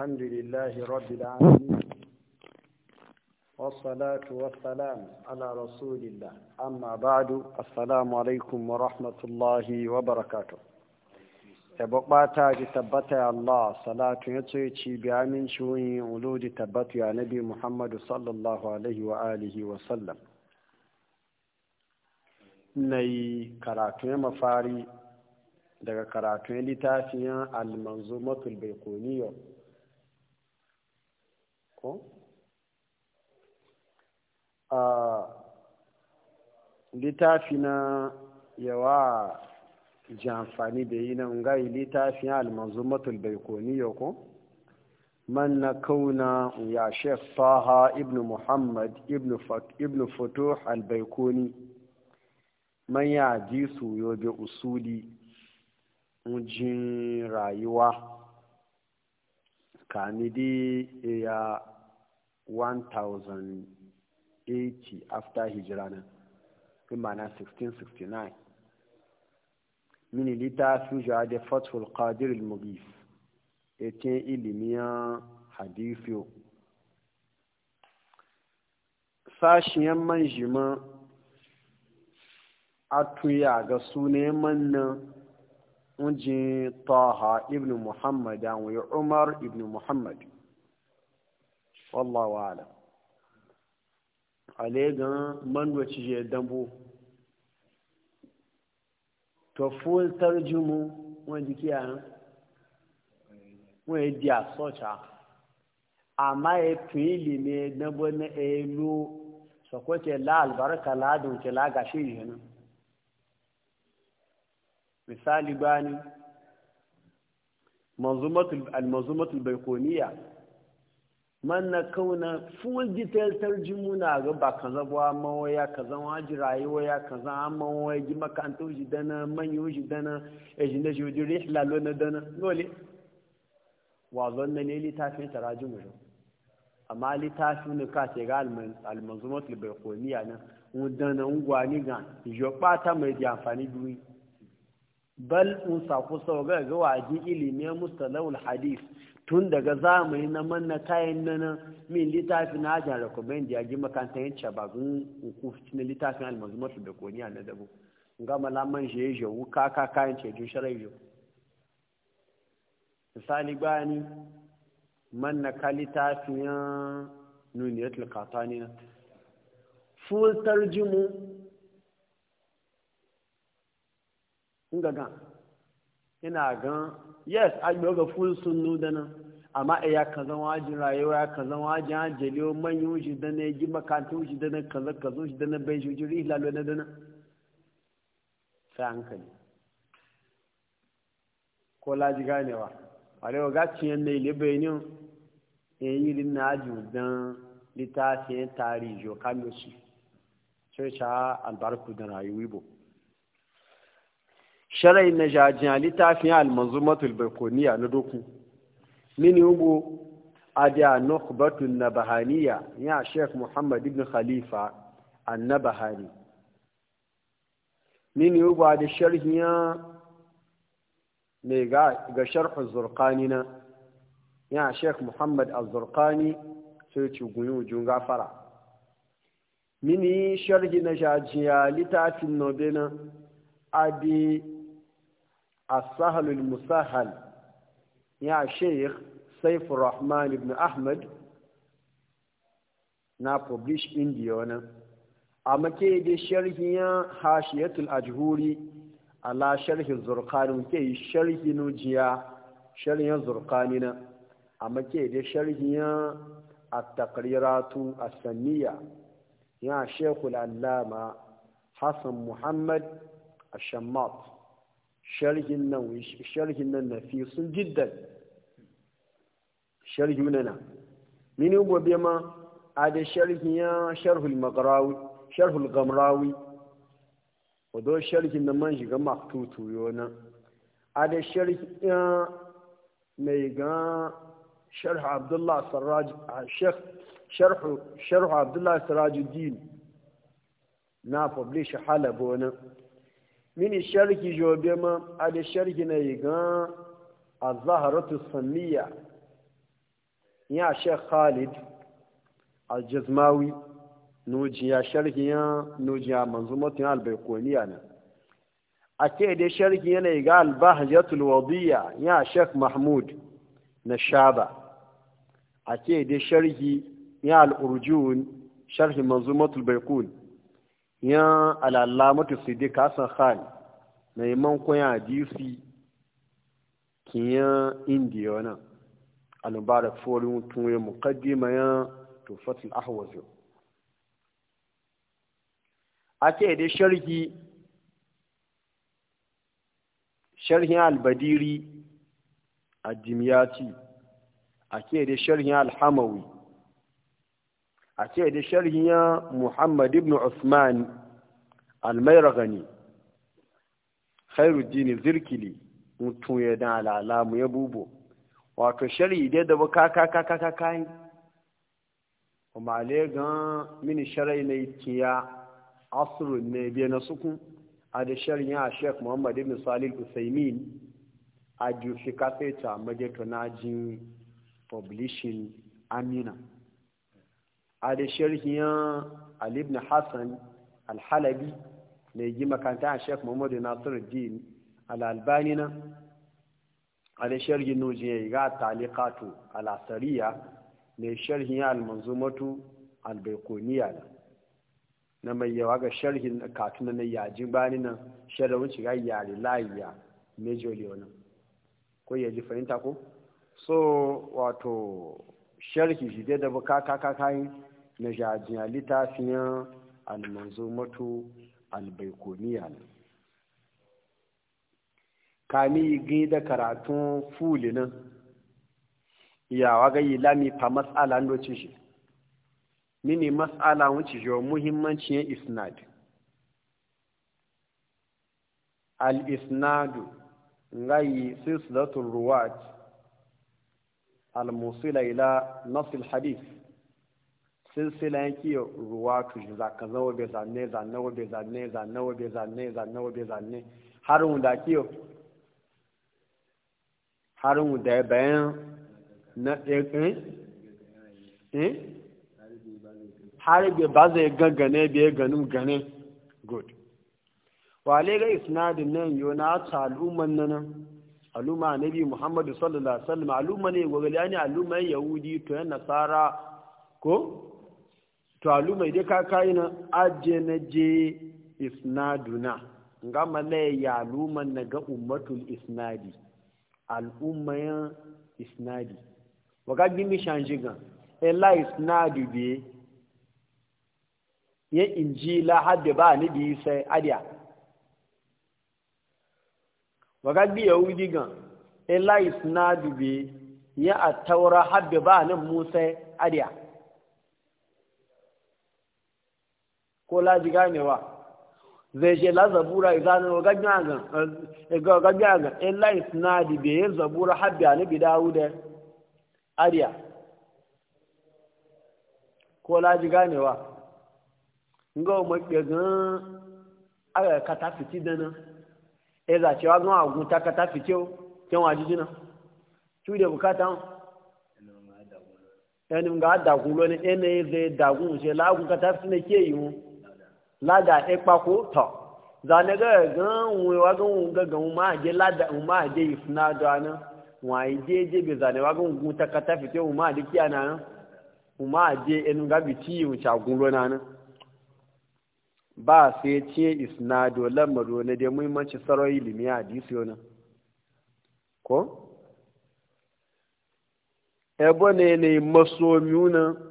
الحمد لله رب العالمين والصلاة والسلام على رسول الله أما بعد السلام عليكم ورحمة الله وبركاته tabbata ji tabbata Allah salatu ya ce ci bi amin shuyin uludi tabbatu ya nabi Muhammadu sallallahu alaihi wa wa sallam nayi karatu mafari daga karatun ya littafin al-manzumatul baiquniyya ko a littafi na yawa ji amfani da yi nan yi littafin almanzumatul baikoniyo ko man na kauna ya shek taha ibn muhammad ibn fatuh albaikoni man ya ji su yobe usuli jin rayuwa kanidi ya 1080 after hijira nan ma'ana 1669 mini littafi ja da fatul qadir al-mughis yace ilimiyan hadisi sashiyan manjima atuya ga sunayen mannan unjin taha ibn muhammad wa umar ibn muhammad wallahu alam ale gan mando ci je dambo to full tarjumu won di kiya won di asocha amma e fili ne dambo na e lu sokoce la albarka la dun ke la misali bani manzumatul al baykuniya man kauna full detail tarjimu na ga ba kaza ba mawa ka zan wa ji rayuwa ka zan amma wa ji makanta ji dana man yi dana e ji na ji rihla lo na dana lole wa zanna ne litafin tarajimu ne amma litafin ne ka ce ga almanzumatul baykoniya na mu ungwani ngwani ga yo ta mai di amfani duniya bal in sako sauga ga ilimi ilimin mustalahul hadith tun daga zamani na manna kayan nan min litafi na ajiyar recommend ya ji makantar a cababin hukufi na littafin almazumatu da koniya na dabo ga malaman shi ya ka ka kayan cejo sharai yau misali bani manna ka littafin nuniyatul katani na full jimu. nga gan ina gan yes agbe ga full sunnu dana amma e ya kaza wajin rayuwa ya kaza wajin ajeli o manyu shi dana ya ji makanta uji dana kaza kaza uji dana bai shi jiri lalo na dana sai hankali ko laji ganewa alewa gacin yan na ile benin yan yi rin na ajin dan littafin tarihi jo kamiyoshi sai sha albarku da rayuwa ibo sharai na jajiya littafin almanzumatul baikoniya na doku mini hugu adiya na bahaniya, ya sheikh muhammad ibn khalifa annabahani mini hugu adi sharhiya mai ga sharhu zurkani na ya sheikh muhammad al-zurkani sai ci gunyu jun gafara mini sharhi na jajiya littafin nobena adi A المسهل يا شيخ سيف الرحمن بن أحمد na publish india wani a make da sharhi ya hashiyatul ajhuri ala sharhi zurkani ke yi sharhi nujiya sharhin zurkani na a make da sharhi ya at-taqriratu as ya shekul allama hassan muhammad ash-shammat شرح النووي في النفيس جدا شرح مننا من هو بيما هذا شرح يا شرف المقراوي شرف الغمراوي ودو شرح النمانجي كما مخطوطو يونا هذا شرح يا ميغا شرح عبد الله سراج الشيخ شرح شرح عبد الله سراج الدين na حالة بونا mini sharki jobe ma a da sharki na yi gan a zaharatu samiya ya shek khalid aljazmawi nujiya sharhiya nujiya manzumatun albaikoniya ne a ke da na yana ga albahajatul wadiya ya shek mahmud na shaba a ke da sharhi ya al'urjun sharhi manzumatul baikun yan al'alamatu dai kasan hali na iman koyan ki kiyan indiya alubarar forin tunwe mu tun ya yan ya tufatul a ake da sharhi sharhin albadiri a jimiyaci a ake dai sharhin alhamawi a ce da sharhin ya Muhammad ibn Usman al-Mairagani Khairuddin Zirkili mutum ya da alalamu ya bubo wato sharhi dai da baka ka ka ka ka kai kuma le gan mini sharai ne kiya asrun ne bi na suku a da sharhin ya Sheikh Muhammad ibn Salih Usaimin a jufi kafeta majetona jin publishing amina a da sharhiyan alibn hassan al-halabi ne yi makanta a shek muhammadu nasiruddin al-albani na a da sharhin yi ga talikatu al-asariya ne sharhiyan Al-Baikoniya na na mai yawa ga sharhin katuna na yajin bani nan sharhin shiga yare layiya major leonin ko ya ji fahimta ko so wato sharhi shi dai da buka kakayin na jajiya littafiyan mato albaikoniya ne kami gai da karatun fuli nan Yawa ga yi lami fa matsala nocin shi mini matsala wuce shi muhimmanci ya isnad al-isnadu su silsilatul ruwat al-musila ila nasil hadith silsila yake ruwa tu za ka zawo bai zanne zanne wa bai zanne zanne wa bai zanne zanne wa bai zanne har mu da kiyo har mu da bayan na eh eh, eh? har be ba zai gangane be ganin gane good wale ga isnadin nan yona ta al'umman nan al'umma nabi muhammadu sallallahu alaihi wasallam al'umma ne gogaliya ne al'umma yahudi to yan nasara ko to alumai dai kaka na aje na je isnaduna nga malai ya aluman na ga ummatul isnadi al'ummayan isnadi waga gimi shanjigan ela isnadi biye ye injila hadde ba ni bi sai adiya waga bi wudi gan ela isnadi biye ya at-taura hadda ba ni musa adiya ko laji ganewa zai je la zabura izanu eh, ga in ga na gnagan illa zabura habbi ali bi daude ariya ko laji ganewa ngo mo gbegan aga kata fiti dana e eh, za cewa gan agun ta kata fiti o ke wa jijina tu da bukata ẹni nga adagun lọ ni ẹni ẹzẹ dagun ṣe laagun kata fiti ne ke yi wọn lada ɗaya e ko ta za na ga ganwe wa ganwe ga ganwe ma je lada ma je ifna da nan wa je je be za wa ganwe gun ta kata fite ma de kiya na nan ma je en ga bi ti mu cha gun lo na nan ba sai ce isnado lamaro ne da muhimmanci sarai ilimi hadisi yana ko ebo ne ne masomi na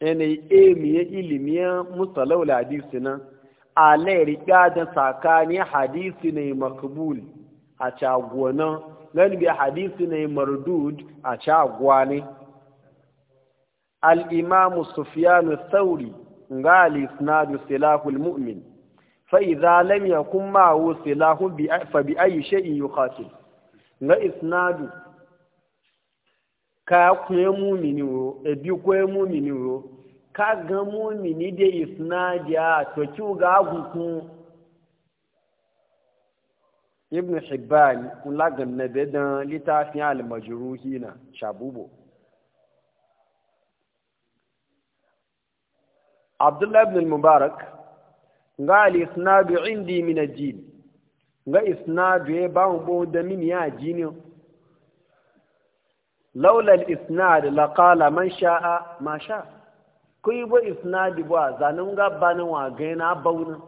yanayi emiye ilimiye mustalawul hadisi nan a lairika da hadisi ne makabul a cagonan galibi hadisi ne mardud a al imamu sufiyanu sauri ga alisnadu silahul mu'min fa'iza lam yakun ma'u silahu fa bi ayi shay'in yuqatil ga isnadu ka mu mini wo ebi mu mini wo ka gan mini de dia to ki ga gukun ibn hibban kun la ga na be dan fi al majruhina shabubo abdullah ibn mubarak ga al bi indi min ajil ga isna e ba mu bo da min ya jini laulal isnad la qala man sha'a ma sha ku kuyi bo isnad bo zanun ga banin wa gaina bauna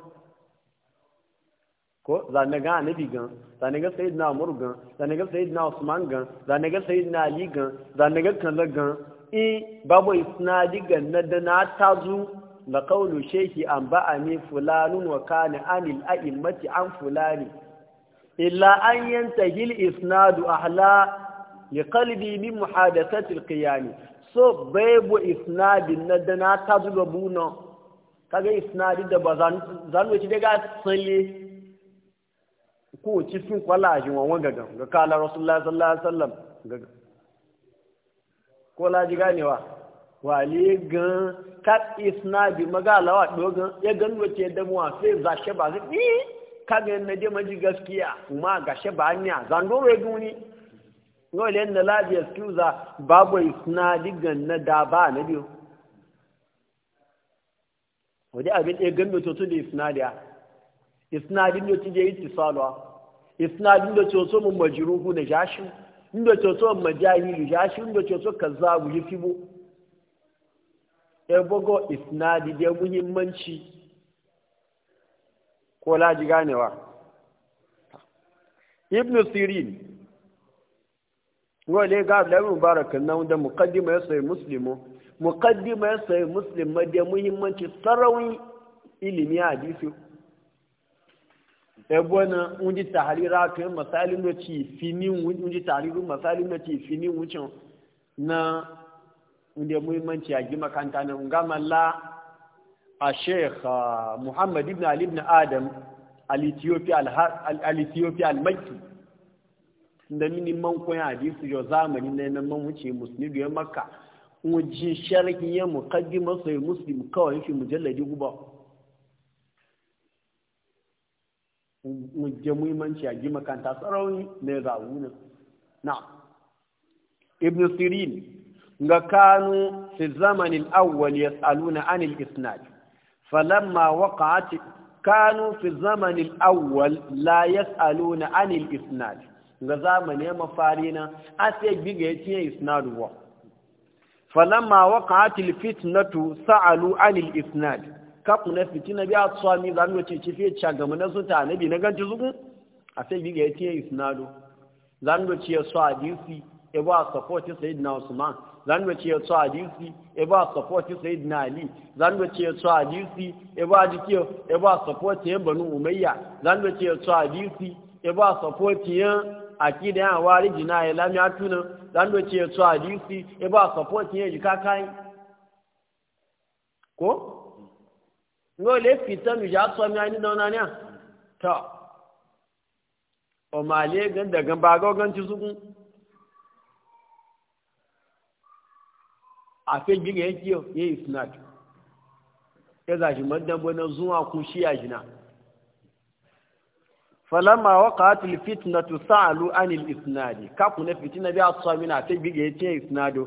ko zanne ga annabi gan zanne ga na Amur gan zanne ga na usman gan zanne ga na ali gan zanne ga kanza gan i babu isnadi gan na da na tazu la qawlu shaykhi an ba'ani fulanun wa kana anil a'immati an fulani illa an yantahi al isnadu ahla li qalbi min muhadathati alqiyam so babu isnadin na da na ta zuba buna kaga isnadi da ba zan zan wuce daga sale ko ci sun kwala shi wawan gaga ga kala rasulullahi sallallahu alaihi wasallam gaga ko la ji ganewa wale gan kat isnadi magalawa dogan ya gan wace da mu sai zashe ba zai kaga na je ji gaskiya kuma gashe ba hanya zan doro ya duni ngole na labi excuse babu isna digan na da ba na biyo wadi abin ɗaya gan mutu isna da Isna din da tuje yi tisalwa din da coso mun ruhu na jashi inda coso mun majahilu jashi da coso kazzabu yi fibo e ya bugo di da muhimmanci ko laji ganewa ibnu sirin wale ga da barakan nan da muqaddima ya sai muslimu muqaddima ya sai muslim ma da muhimmanci sarawi ilimi hadisi e bona unji tahrira ke masalin da ci fini unji tahriru masalin da ci fini wuce. na inda muhimmanci a gima kanta na ngamalla a sheikh muhammad ibn ali ibn adam al-ethiopia al-ethiopia al-makki da mini man koya hadisi yau zamani ne na man wuce musulmi biyar makka wajen sharhi ya muqaddima sai muslim kawai shi mujalladi guba wajen muhimmanci a gima kanta tsarauni ne zaune na ibn sirin ga kanu fi zamanin awwal yas'aluna anil isnad falamma waqa'at kanu fi zamanin awwal la yas'aluna anil isnad ga zamani mafari na ase biga ya cinye isnadu wa falamma na fitnatu sa'alu anil isnad na. kuna fitina biya tsami zan wace ci fiye chagama na suta annabi na ganci A ase biga ya cinye isnadu za wace ya so hadisi e ba support sayyidina usman zan wace ya so hadisi e ba support sayyidina ali zan ce ya so hadisi e ba dikiyo e ba support yan banu umayya zan ce ya so hadisi e ba support yan akida ya wari jina ya lam ya tuna dan do ce to hadisi e ba support yin jika kai ko ngo le fitan mi ja so mi ani don na ne to o male gan da gan ba ga gan ci su a fe gige yake o ye isnat ya dan madan na zuwa ku shi ajina jina falamma waqa'atil fitnatu sa'alu anil isnadi kaku na fitina bi asamina ta bige yace isnado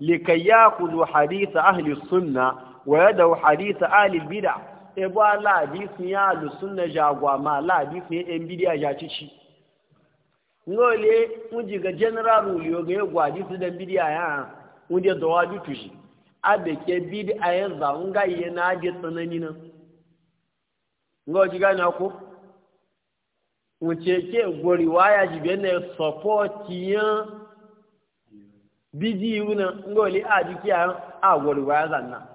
likay yaqulu hadith ahli sunna wa yadu hadith ahli bid'a e bo ala hadith ya ahli sunna jagwa ma ala hadith ne en bid'a ja cici ngole unji ga general rule ga yagwa hadith da bid'a ya unde dawaju tushi abe ke bid'a ya za unga yana je tsanani nan ngoji na ko wuce ke gori waya be na sọpọti yan bidi wuna ngoli a jiki a a gori waya zanna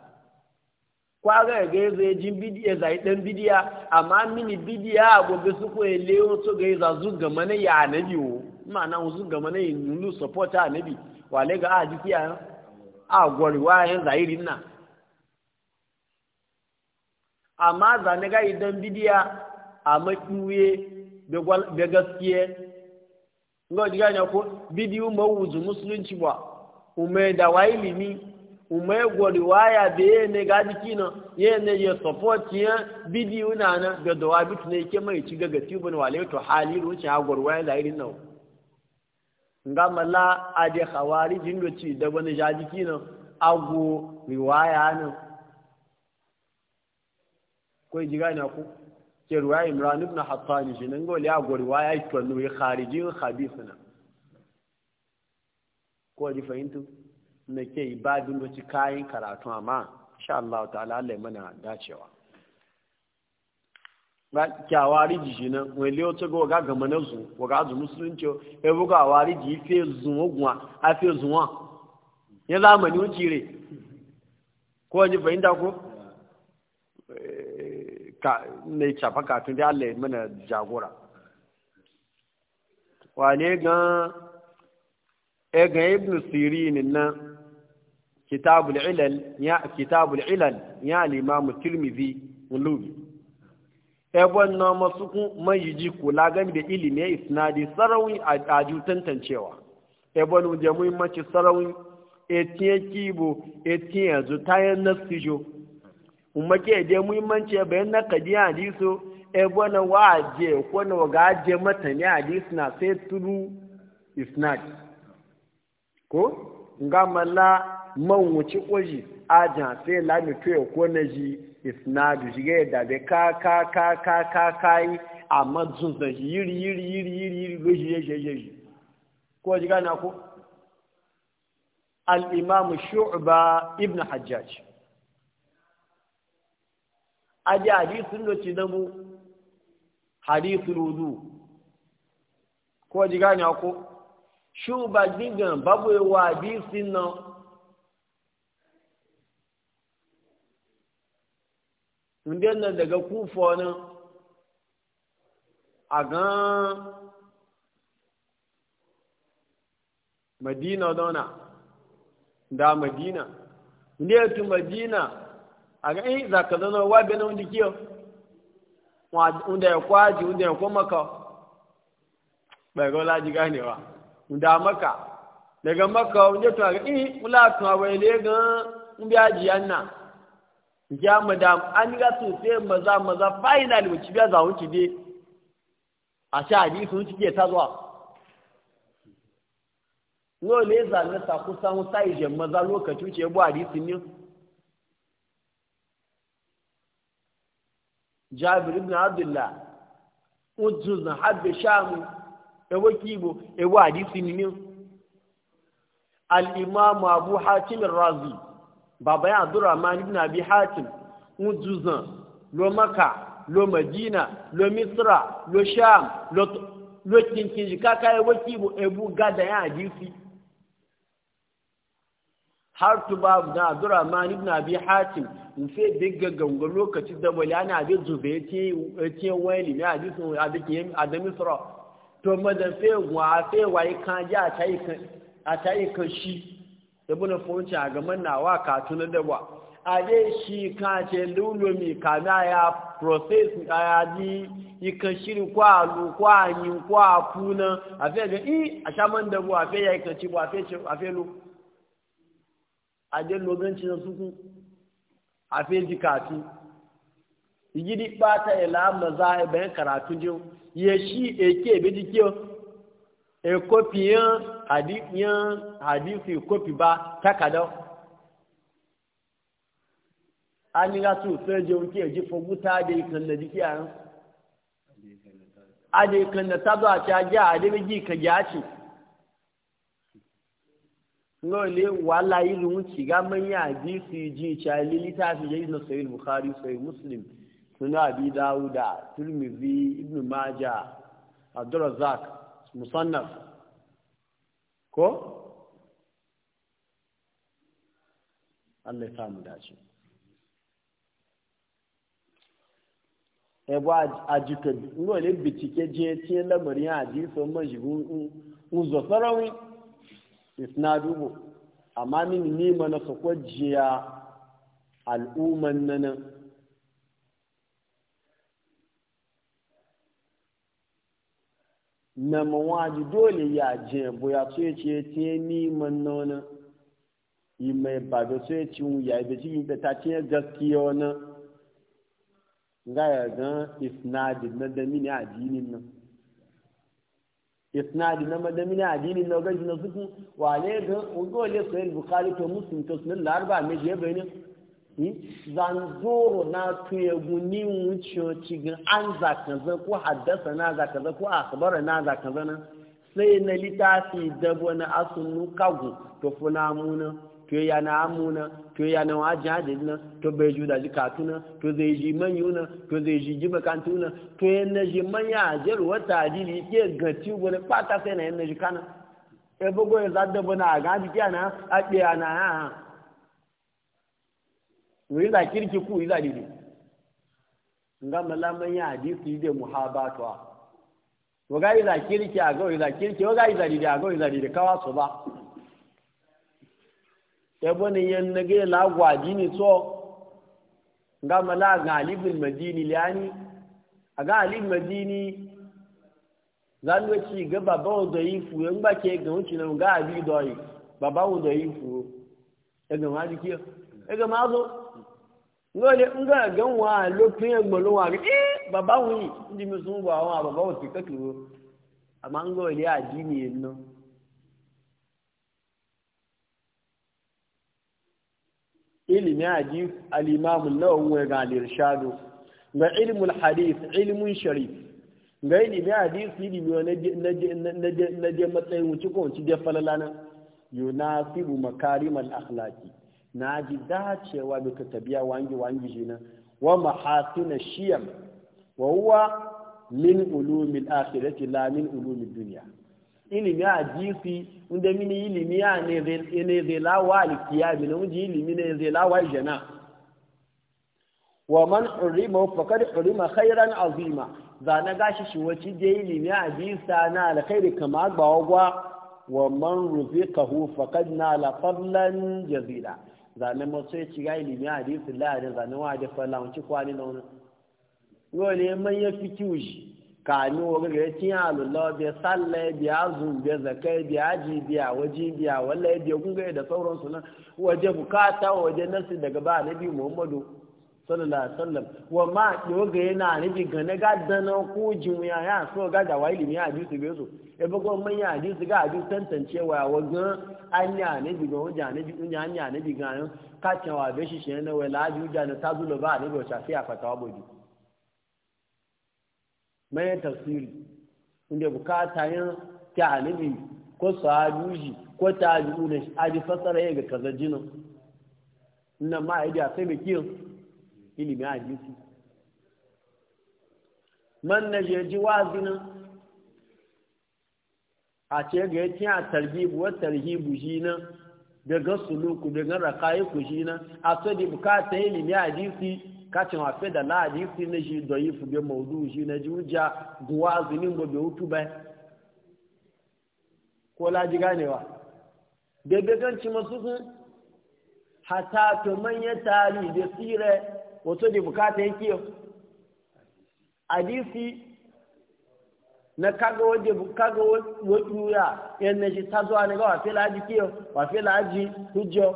kwaga ga eze jin bidiya zai dan bidiya amma mini bidiya a gobe su ko ele to ga za zu ga mana ya anabi wo mana zu ga mana yin nulu support anabi wale ga a jiki a a gori waya zairin na amma zane ga idan bidiya a makiwe da gaskiye ga jiga ne ko bidiyu mawuzu musulunci ba umai da wa ilimi umai gwari waya da ya ne ga jiki ya ne ya support ya bidiyu na na da dawa bitu ne ke mai ci gaga tubin wale to hali ruci ha gwari waya da irin nau nga mala a je hawari jindo ci da wani ja jiki na agwo riwaya na ko jiga ne ko ke ruwa imran ibn hattani shi nan gole ya gurwa ya yi tuwannu ya kharijin khabisu na ko ji fahimtu na ke yi ba dun ci kayan karatu amma sha Allah ta Allah mana dacewa ba kyawari ji shi nan wani leo ta goga ga mana zu goga zu musulunci ya e buga wari ji fe zuwa guwa a fe zuwa ya zamani wuce re ko ji fahimta ko mai cafa katun da Allah ya mana jagora wane gan egan eh, ibn sirin nan kitabul ilal ya kitabul ilal ya al-imam tirmidhi wulubi ebon eh, na masu mayiji kula gami da ilimi isnadi sarawi a aju tantancewa ebon eh, mu je muhimmanci sarawi etiye kibo etiye zu nasijo ke je muhimmanci bayan na kadi hadisu e bona je ko na waga je mata ne hadisu na sai tudu isnad ko ngamala man wuci kwaji aja sai la mi to ko na ji isnad ga da be ka ka ka ka ka kai amma zun da yiri yiri yiri yiri yiri lo je je je ko ga na ko al imam shu'ba ibn hajjaj aji hadisin da ci damu hadisul wudu ko ji gani ko shu ba digan babu wa hadisin na. tunde nan daga kufa nan a gan madina dona da madina ne tu madina aga in eh, za ka zana wa bena wanda kiyo wanda ya kwaji wanda ya kuma ka bai ga laji ganewa wanda maka daga maka wanda to aga in eh, wula tun bai wani ga in biya ji anna ya madam an ga su sai maza maza final wuci biya za wuce dai a sha hadisi wuce ke ta zuwa Nole ya zane sa kusan sa ijen maza lokacin ya bu hadisin ne jabir ibn abdullah ojú na habbe shamu ewo kibo ewo hadisi ni al-imam abu hatim razi baba ya abdurrahman ibn abi hatim ojú zan lo maka lo madina lo misra lo sham lo lo kinkinji kaka ewo kibo ebu gada ya hadisi har tu ba na ma ni na bi hatim in sai digga ganga lokacin da wali ana bi zube ce wali ne abi sun abi adami sura to madan sai wa sai wa kan ja tai kan a tai kan shi da buna fonci a gaman nawa ka tuna da wa a je shi ka ce mi ka na ya process ya ji ikan shirin kwa lu kwa yin kwa kuna a fe ga i a shaman da bu a fe ya ikan ci bu a fe lu ajé loganci na suku a feji katu igidi bata ila maza bayan karatu jiyo ya shi eke beji kiyo e kopi yan hadisi kopi ba takada an yi rasu sai jiyo e ji foguta da ikan da jiki a yan ade kan da tabo a ta ji a ade beji ka gyaci lole wala yi rumunci ga manya hadisi ji cali littafi ya yi na sayi bukhari sayi muslim suna abi dawuda turmizi ibn maja abdurazak musannaf ko Allah ya samu dace ebo ajikan lole bitike je tiye lamarin hadisi man shi uzo sarawin isnadubu amma min nima na su kwajiya al'umman nan na mawaji dole ya je boya so ya ce te man nan yi mai ba da so ce ci ya yi da ci, da ta ce gaskiya wani ga ya ga isnadin na da mini addinin nan isnadi na madamina adini na gaji na suku ne ga ugole sai bukhari to muslim to sunan larba me je zan zoro na tuyeguni mucho cikin an zan ko haddasa na zan ko akabara na zan sai na litafi dabo na asunu kagu to funamuna to ya na amu na to ya na wajen adadi na to bai ju da jikatu na to zai ji manyu na to zai ji ji makantu na to ya na ji manya ajiyar wata adili ke gaci wani pata sai na ya na ji kana ya e bugu ya e zadda bana a gaji kiya na a ɗaya na ha ha wuri za kirki ku yi za dide nga mala manya hadisi da muhabatuwa waga yi za kirki a ga yi za kirki waga yi za dide a ga yi za dide kawa su ba yabo ne yan nage lagwa jini to ga mala ga alibin madini liani a alibin madini zan ga ci ga baba wanda yi fu yan ba ke ga wuce nan ga abi doyi baba wanda yi fu e ga ma dikiyo e ga ma zo ngole nga ga wa lo pin gbo lo wa eh baba wi ndi mi sun wa wa baba o ti ka turo amma ngole ya jini ilimi hadis al-imam an-nawawi ga al-irshad ga hadis ilmun sharif ga ilimi hadis ilimi na na na matsayin wuce ko wuce da falalana yunasibu makarim al-akhlaqi na ji dacewa da ta tabiya wangi wangi jina wa mahasina shiyam wa huwa min ulumil akhirati la min ulumid dunya ilimi a jisi inda mini ilimi a ne zai lawa alikiya mina wunji ilimi ne zai lawa jana wa man hurima fakar hurima khairan azima za na gashi shi wace da ilimi a jisa na alkhairi kama gbawa gwa wa man rufiqahu faqad na fadlan jazila za na maso ya ci ga ilimi a jisi la za na wa da falan ci kwani na wani yau ne man ya fi kiwo kani wa gaga ya alullah bi salla bi azum bi zakai bi aji bi waji bi wallahi bi kun da sauransu nan waje bukata waje nasi daga ba nabi muhammadu sallallahu alaihi wasallam wa ma yoga yana nabi gane ga dana ko jimuya ya so ga da waili mi hadisi be so e bugo mun ya hadisi ga hadisi tantance wa ga anya nabi ga wajja nabi kunya anya nabi ga ka cewa be shi shi ne wala ju da ta zulo ba nabi wa shafiya fatawa bodu mayan tafsiri inda bukata yin kyanibi ko sahajuji ko tajibu a ji fasara ya ga kaza jinin inda ma a sai mai kiyon ilimin hadisi man na jeji wazinin a ce ga yake a tarhibu wa tarhibu shi nan daga suluku daga rakayi ku shi nan a so da bukata ilimin hadisi kacin hafe da lahadi fi na shi da yi fube maudu shi na juja guwa azumin gobe hutu bai ko laji ganewa daidai ganci masu sun hata to manyan tari da tsire wato da bukata yake hadisi na kaga waje kaga wajuya yan na shi ta zuwa na ga wafe laji kiyo wafe laji hujjo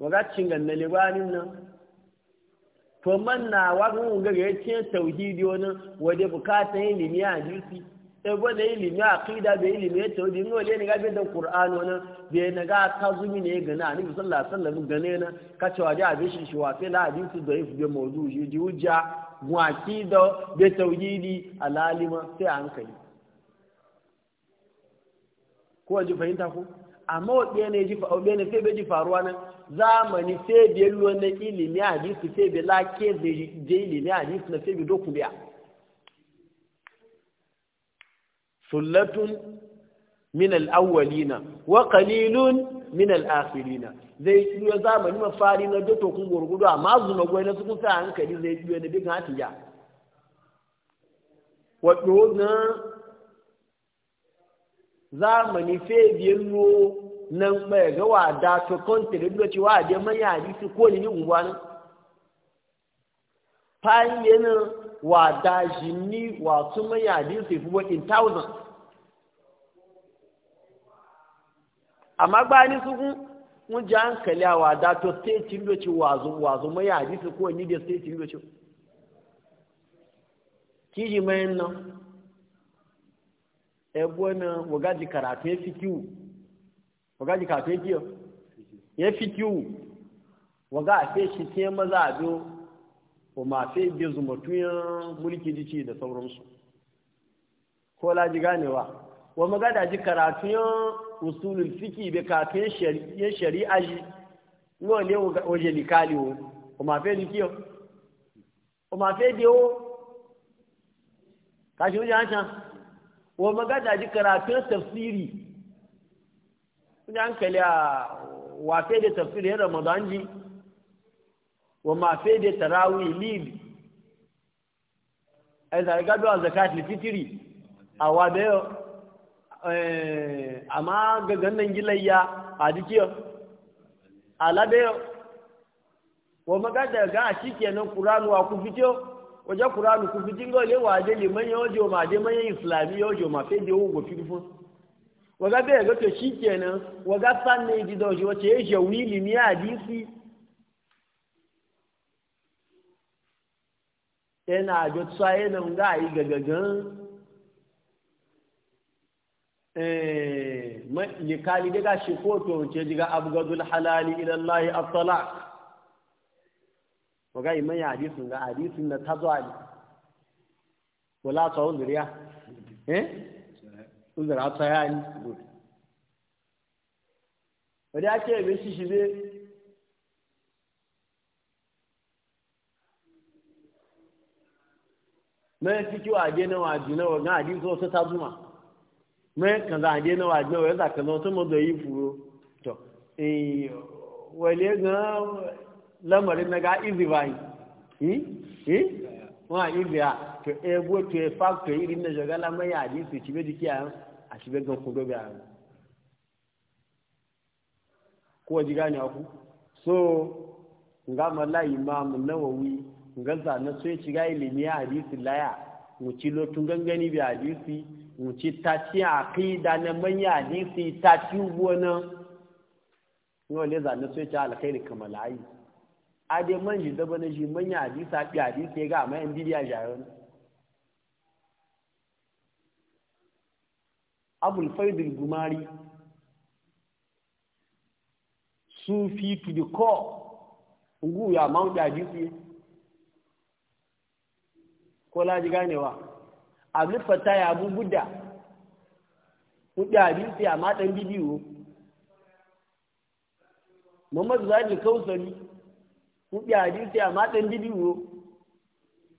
waga cingan na libanin nan to man na wagon gaga ya ce tauhidi wani wadda bukatan ilimi a hadisi sai e gwada ilimi a kida bai ilimi ya tauhidi ne wale ne ga bai da ƙur'an wani bai na ga ta zumi ne gane a nufi sallah sallah gane na ka ce a bishin shi shi sai la hadisi da yafi bai mawudu shi ji hujja waki da bai tauhidi a lalima sai a hankali ko wajen fahimta ko amma waɗiya ne ji faɗe ne sai bai ji faruwa nan zamani sai bai luwa na ilimi a jisu sai bai lake zai je ilimi a jisu na sai bai doku biya sullatun min al'awwalina wa qalilun min al'akhirina zai luwa zamani mafari na doto kun gurgudu amma na gwai na sukun sa hankali zai luwa na dukkan hatiya waɗo na zamani fe biyan no nan ɓaya ga wada to kontiri da cewa da manya hadisi ko ne ni ungwanin fayin yana wada jini wasu manya hadisi fi wakin thousand amma gbani su kun mun ji hankali a wada to state da ce wazo manya hadisi ko ni da state da ce kiji mayan nan ebwana wagaji karatu ya fi kiwu wagaji karatu ya kiyo ya fi kiwu waga a fe shi sai maza a biyo wa ma fe biyo zumatuyan mulki dici da sauransu ko laji ganewa wa magada ji karatu ya usulul fiki be karatu ya shari'a ji ngo ne waje likali wo wa ma fe dikiyo wa ma fe biyo kashi wuce an can wa magana ji karatun tafsiri kuma hankali a wafe da tafsiri yana ramadan ji wa mafe da tarawih lib ai da ga da zakat fitri a wa da yo eh amma ga gannan gilayya a dikiyo ala da yo wa magana ga shikenan qur'anu wa ku fito wajen kuranu kò fi díngọ́ ilé wà dé lè mọ́yẹ́ ọjọ́ ọmọ àdé mọ́yẹ́ ìsìlámì ọjọ́ ọmọ àfẹ́ dé owó gòfin fún wọ́gá bẹ́ẹ̀ lọ́tọ̀ sí kẹ̀nà wọ́gá fáànà ìdídọ̀ ọjọ́ ọjọ́ ẹ̀ṣẹ̀ wíìlì ní àdísí ẹnà àjọ tó ayé náà ń gáàyè gàgàgán ẹ̀ẹ́n nìkan ilé ká shi kóòtù ọ̀hún ṣe jìgá abúgọ́dún halali ilẹ̀ láyé afọ́lá. waga iman ya hadisun ga hadisun na ta zuwa ne wala ta wani riya eh uzura ta ya ni good wadda ake yi shi shi zai mẹ́rin tí wà dé náà wà á náà wọ̀gán àdìsọ́ tó tá zuma mẹ́rin kànzá àdé náà wà á dì náà wọ̀gán àkànzá tó mọ̀ dọ̀ yìí fúru tọ̀ wẹ̀lẹ́ gan-an lamarin na ga izi bayi yi yi wa izi a to ebo to e factor irin na jagala mai hadisi ci be jiki a a ci gan kudo be a ko ji gane ku so nga ma mala imam nawawi nga za na so ci ga ilimi hadisi laya mu ci lotun gangani bi hadisi mu ci a aqida na mai hadisi taci wona ngo le za na so ci alkhairi kamalayi ade man shi daba na shi manya hadisa fi hadisa ya ga amma yan bidiya shayon abul faidul gumari sufi to the core ngu ya mount hadisi ko laji ganewa abul fata ya abu buddha kuɗi hadisi amma ɗan bidiyo muhammadu zahid kausari kuɗi hadisi amma ɗan bidiyo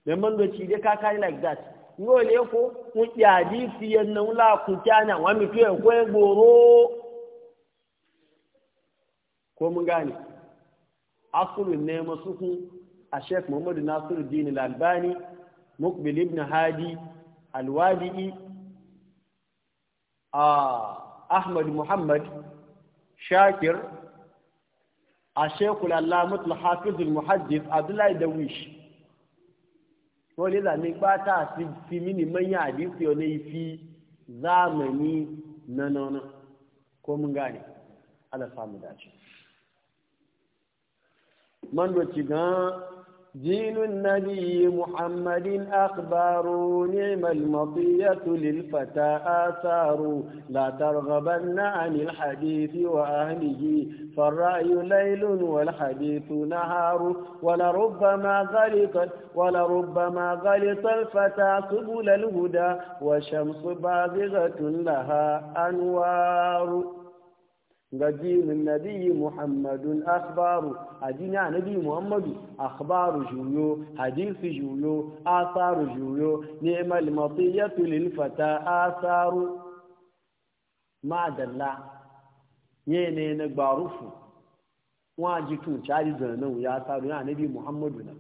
don bandoci dai ka kari like that yóò lè ko kuɗi hadisi yẹn na wula kuɗi ana wa mi fi ko goro ko mun gane asuru ne masuku a sheikh muhammadu nasiru dini lalbani mukbil ibn hadi alwadi'i a ahmad muhammad shakir a shekula alamatul hafizul muhaddis abdullahi dawish wọ́n lè zàmì pátá àti fi mí ní mẹ́yìn àdísì ọ̀nà ìfi záàmì nanana ko mun gane ala samu dace man gan دين النبي محمد أخبار نعم المطية للفتى آثار لا ترغبن عن الحديث وأهله فالرأي ليل والحديث نهار ولربما غلط ولربما غلط الفتى سبل الهدى وشمس باغغة لها أنوار ga dinin nabiyyi muhammadun akhbaru adini nabi muhammadu akhbaru juyo hadisi juyo asaru juyo ni'mal matiyatu lil fata asaru Ma madalla ne na gbarufu wa jitu chari zanan ya asaru ya nabi muhammadu na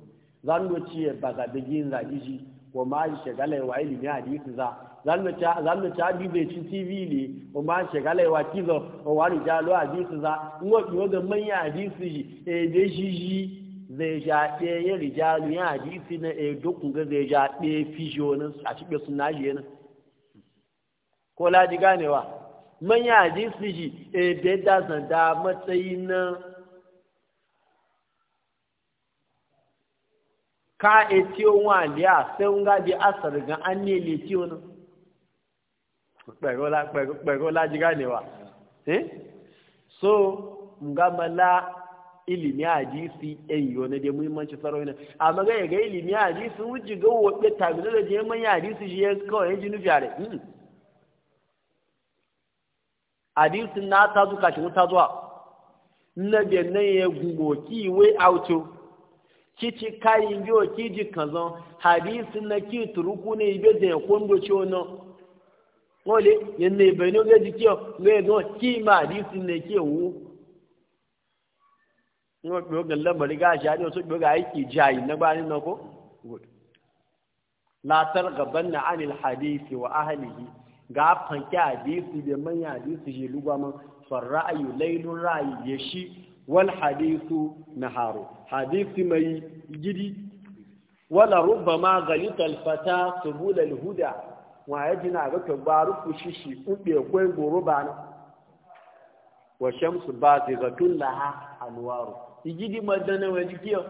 zan do ya baga da gin zagiji wa ma shagala wa ilmi hadisi za zanu ta bi bai ci tv ne o ma shekala wa kizo o wa rija lo hadisi za ngo ki ya manya su ji e de jiji zai ja ɗe ya rija e lo ya na e dokun ga zai ja ɗe fijo na a cikin suna je na ko laji ganewa manya hadisi ji e de da san da matsayi na ka e ti ohun ali a sai nga di asar ga an ne le ti ohun kwekwe laji ganewa eh so nga la ilimi hadisi eyi wani da muhimmanci sarau ne amma ga ga ilimi hadisi wuce ga wobe tabiru da je man hadisi shi ya kawai ji nufi are hadisin na ta zuka shi ta zuwa na biyan nan ya gugo ki we auto kici kayin biyo ji kazan hadisin na ki turuku ne ibe da ya kondo ciwo wọ́n lé yẹn ní ìbẹ̀rẹ̀ ní ogéjì kí ọ lẹ́ẹ̀dùn kí máa dì sí ní kí wú. wọ́n gbé ó á ní oṣù pé ó ga aiki jẹ́ àyè nígbà nínú ọkọ́. latar gaban na anil hadisi wa ahalihi ga fanke hadisi da manyan hadisi shi lugwaman farra ayu lailun ra'ayi ya shi wal hadisu naharu hadisi mai gidi wala rubba ma galita alfata subula waye jina ga ka baru ku shi ube kwai goro ba na wa shamsu ba ta ga tun tullaha alwaru igidi madana wa jikiyo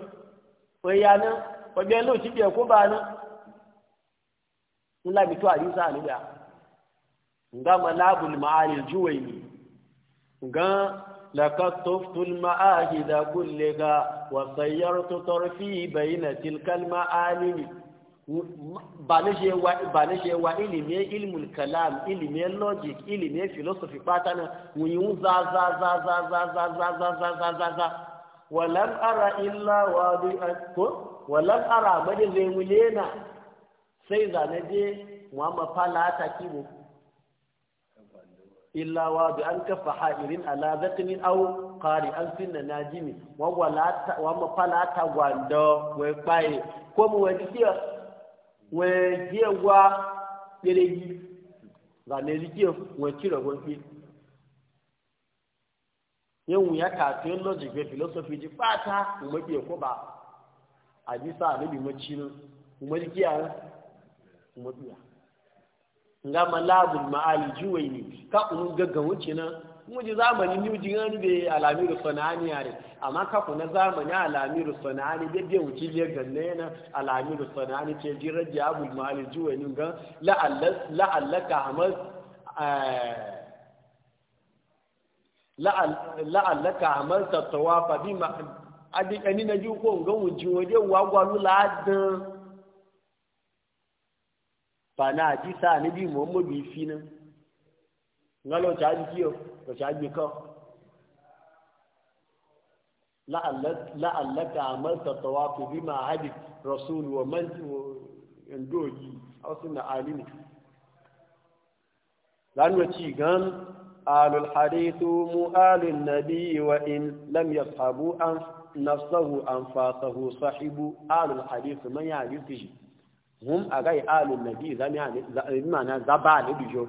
wa na? wa bi lo shi ko ba na Allah bi to hadisa aliya nga malabul ma'al juwayni nga لقد طفت المآهد كلها وصيرت طرفي بين تلك المآلم ba na ṣe wa ilimi ilmul kalam ilimi logic ilimi philosophy pata na wuyun za za za za za za za za za za za za walam ara illa wa bi ko walam ara bade zai wule na sai za na je wa ma fala ta kibo illa wa bi an kafa ha'irin ala zaqnin aw qari an sinna na wa wa ma fala ta gwando wai pai ko mu wani kiyo wọ́n jẹ́ wá kpere gị lànà èdìjì wọ́n ti rẹ̀ wọ́n nye yẹ́wùn ya ka lọ́jì gbé filosofi ji pátá ìmọ̀ bí ẹ̀kọ́ bá àdìsá àbẹ́bí mọ́ tí nù ìmọ̀ nga ma ma'ali juwai ne ka unun gaggawa ce na. kuma ji zamani ni ji gani da alamiru sanani yare amma ka na zamani alamiru sanani be be uji le ganne na alamiru sanani ce ji jira jabu mali juwa ni ga la allah la allah ka hamal eh, la allah ka hamal ta tawafa bi ma adi ani na ji ko ga uji waje wagwa lu ladan na ji sa ni bi muhammadu fi nan ngalo chaji kiyo ko chaji ko la'allaka ta amalta tawafu bima hadith rasul wa man indoji aw sunna alimi lan ci gan alul hadithu mu alun nabi wa in lam yashabu an nafsahu an fatahu sahibu alul hadith man yuti hum agai alul nabi zami zami na zabali bijo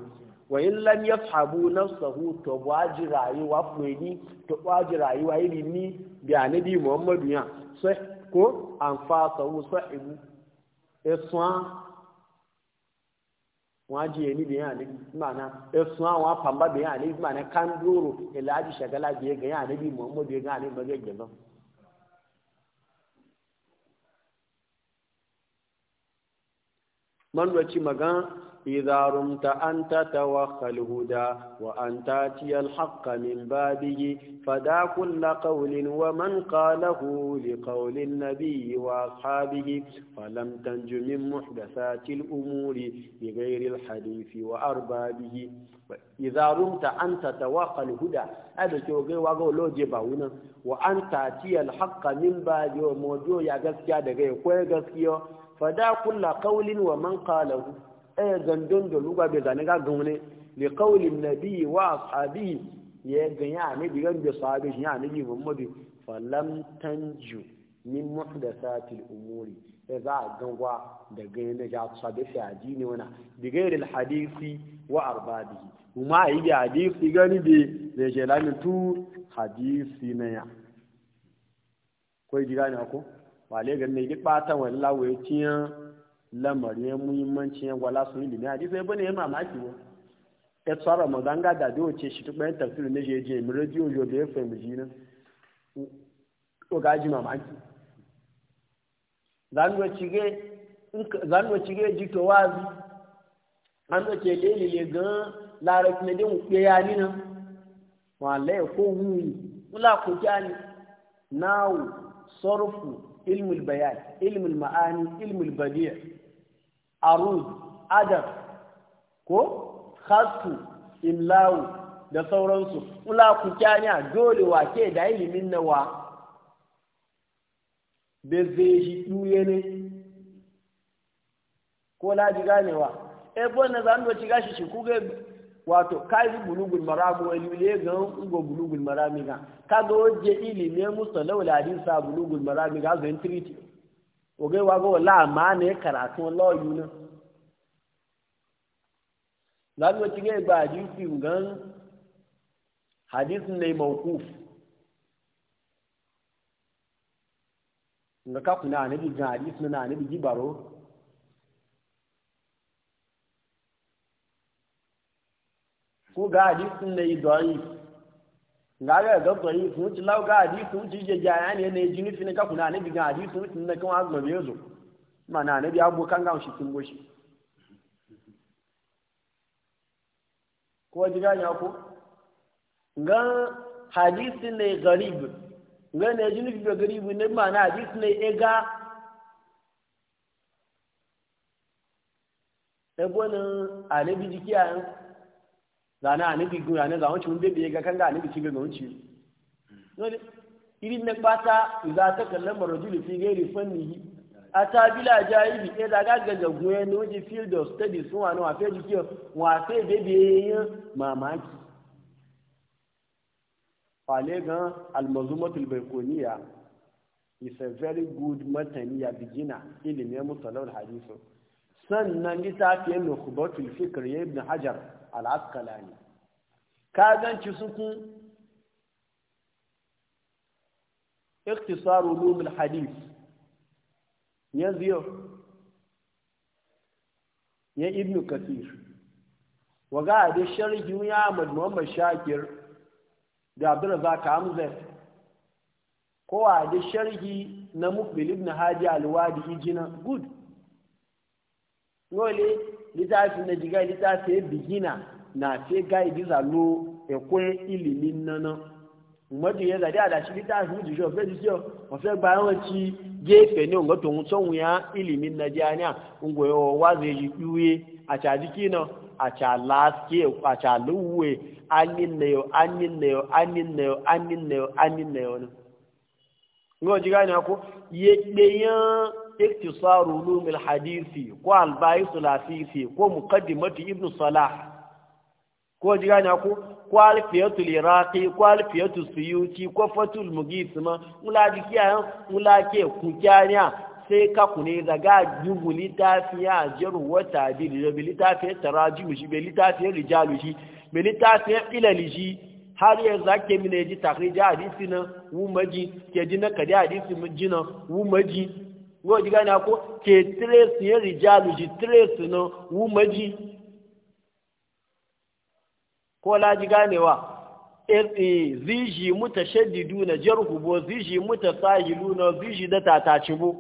wọ́n lẹ́m ya fàbù na sọ̀hù tó bọ́ ájì ràyíwá fún ẹni tó bọ́ ájì ràyíwá yìí ní muhammadu yàn sẹ́ kó ànfà sọ̀hù sọ ìbú ẹ̀sùn na wọ́n jí ẹni bìyàn gẹ̀yàn muhammadu yẹn gẹ̀yàn ànábì idarun ta an ta tawakal huda wa ta ciyar haƙa min babiyi fada kulla ƙaunin wa man ƙalahu li ƙaunin na biyi wa haɓihi falamtan jimin muhdasa til umuri igairil hadifi wa arbabihi idarun ta an ta tawakal huda a da ke gaiwa ga loje ba wuna wa ta ciyar haƙa min babiyo mojo ya gaskiya daga ya koya gaskiya fada kulla ƙaunin wa man ƙalahu ɗaya eh, gandun da lugba bai zane ga gaune kawulin na nabi wa sabi ya ganya ne digan da sabi shi ya nabi muhammadu falam tanju min muhdathatil umuri ya za a gangwa da gani da ja sahabi shi aji ne wana diga al hadisi wa arbadi kuma a yi da hadisi gani bi da lamin tu hadisi na ya ko ji gane Ba wale ganin ne duk wani lawo ya ciyan lamari ya muhimmanci ya gwala sun ilimi a jisai bane ya mamaki wa ya tsara maganga da da ce shi tukwayen tafsir na je je mi rediyo yo da ya fahimci jina ko gaji mamaki zanuwa cige ji to wazi an da ke lele le ga larabci na din ya yani nan wala ya ko wuyi mula ko jani nawu sarfu ilmul bayan ilmul ma'ani ilmul badi'a arud adab ko khatu imlawu da sauransu kula ku kyanya dole wa ke da ilimin na wa da zai shi duye ne ko laji ganewa bo eh, na zan doci gashi shi kuga wato kai bulugul maramu wani ne ga ugo bulugul marami ga kaga wajen ilimin musa laula hadisa bulugul marami ga zan triti oge wago la ma ne karatu lawyer na zan wace ga ba hadisi gan hadisin ne mawquf nga ka kuna ne ga hadis na ne bi baro ko ga hadisin ne da'if ngaga ga bayi sun ci lau ga adi sun ci je jaya ne ne jini fi ne ka kuna ne diga adi sun sun na kan azma be zo mana ne bi abokan ga shi sun goshi ko diga ya ko nga hadisi ne garib nga ne jini fi garib ne mana hadisi ne ega ebonin alebi jikiya zana a nufi gura ne zawon da bebe ga kan da a nufi cin gaga wuce wani irin na kwata za ta kallon marajulu fi gairi fanni a ta bila jayi bi ɗaya daga gaga goyon na waje field of studies sun wani wafe jiki wafe bebe yin mamaki fale gan almazumatul baikoniya is a very good ya bigina ilimin musallar hadisu sannan littafin nukubatul fikir ya ibn hajar al'askalani kaganci suku iktisar ulumul hadis yanzu yau ya ibn kafir waga ga da sharhi ya ahmad muhammad shakir da abdulrazak hamza ko wa da sharhi na mukbil ibn hadi alwadi ijina good dole littafi na jiga littafi ya bigina na ce gaidi zalo ekwe ilimin nana mọ́tò yẹn zàdé àdàṣí littafi ní ìjọ fẹ́ jíjọ ọ̀fẹ́ gba àwọn yi gẹ́ẹ̀fẹ́ ní ọ̀gọ́ tòun sọ́hun ya ilimin na jẹ́ iktisaru ulumil ko albayisul asisi ko muqaddimatu ibnu salah ko ji gane ko ko alfiyatul iraqi ko alfiyatul suyuti ko fatul mugisma mula ji kiyaye mula ke ku kyanya sai ka ku ne daga jugu litafiya jaru wata bil da bilitafiya tarajim shi bilitafiya rijalu shi bilitafiya ilal shi har yanzu zake mine ji takrija hadisi na wumaji ke ji na kadi hadisi mun ji na wumaji ngo ji gane ko ke trace ya rijalu ji trace no wu maji ko la ji ganewa eh, eh, ziji mutashaddidu na jarhu bo ziji mutasahilu na ziji da tataci bo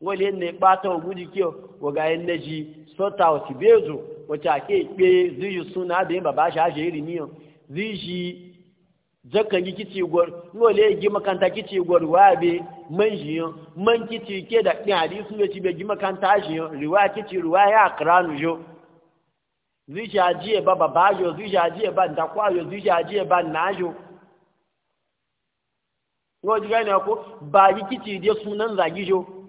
wale ne bata wa guji kiyo wa ga yin naji sota wa tibezo wacce ake pe ziji suna da yin babasha ashe iri niyo ziji yi kici gwar ngole yi makanta kici gwar wabe manjiyo man kici ke da ɗin hadisu ne ci be gi makanta jiyo riwa kici riwa ya akranu jo zuja ajiye ba baba jo zuja ajiye ba da kwayo zuja jiye ba na jo ngo diga ne ko ba yi kici dia sunan zagi jo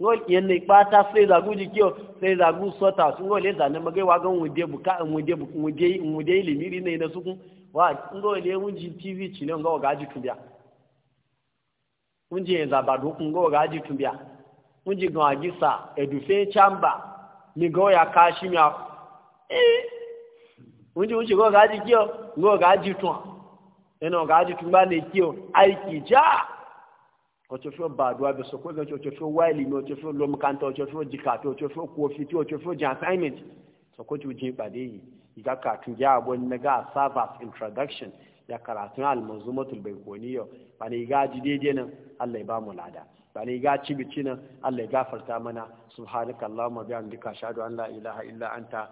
ngol yenne pata sai zagu jikiyo sai zagu na magai wa gan wuje buka wuje wuje wuje limiri ne na suku wa ngol tv chine ngol ga ji tumbia wunji yanda ba ga ji tumbia wunji gan ajisa edufe chamba mi go ya kashi mi eh ga ji kiyo ngol ga ji ga ọ̀tọ̀fẹ́ bàdùn abẹ́sọ̀ kó lọ́tọ̀ ọ̀tọ̀fẹ́ wáìlì ní ọ̀tọ̀fẹ́ lọ́mùkántà ọ̀tọ̀fẹ́ jìkàtọ̀ ọ̀tọ̀fẹ́ kọfí tí ọ̀tọ̀fẹ́ jẹ́ assignment sọ̀kọ́tù jẹ́ ìpàdé yìí ìgbà kàtún jẹ́ àbọ̀ introduction ya karatun almanzumatul baikoniyo ba lada ba gafarta mana ilaha illa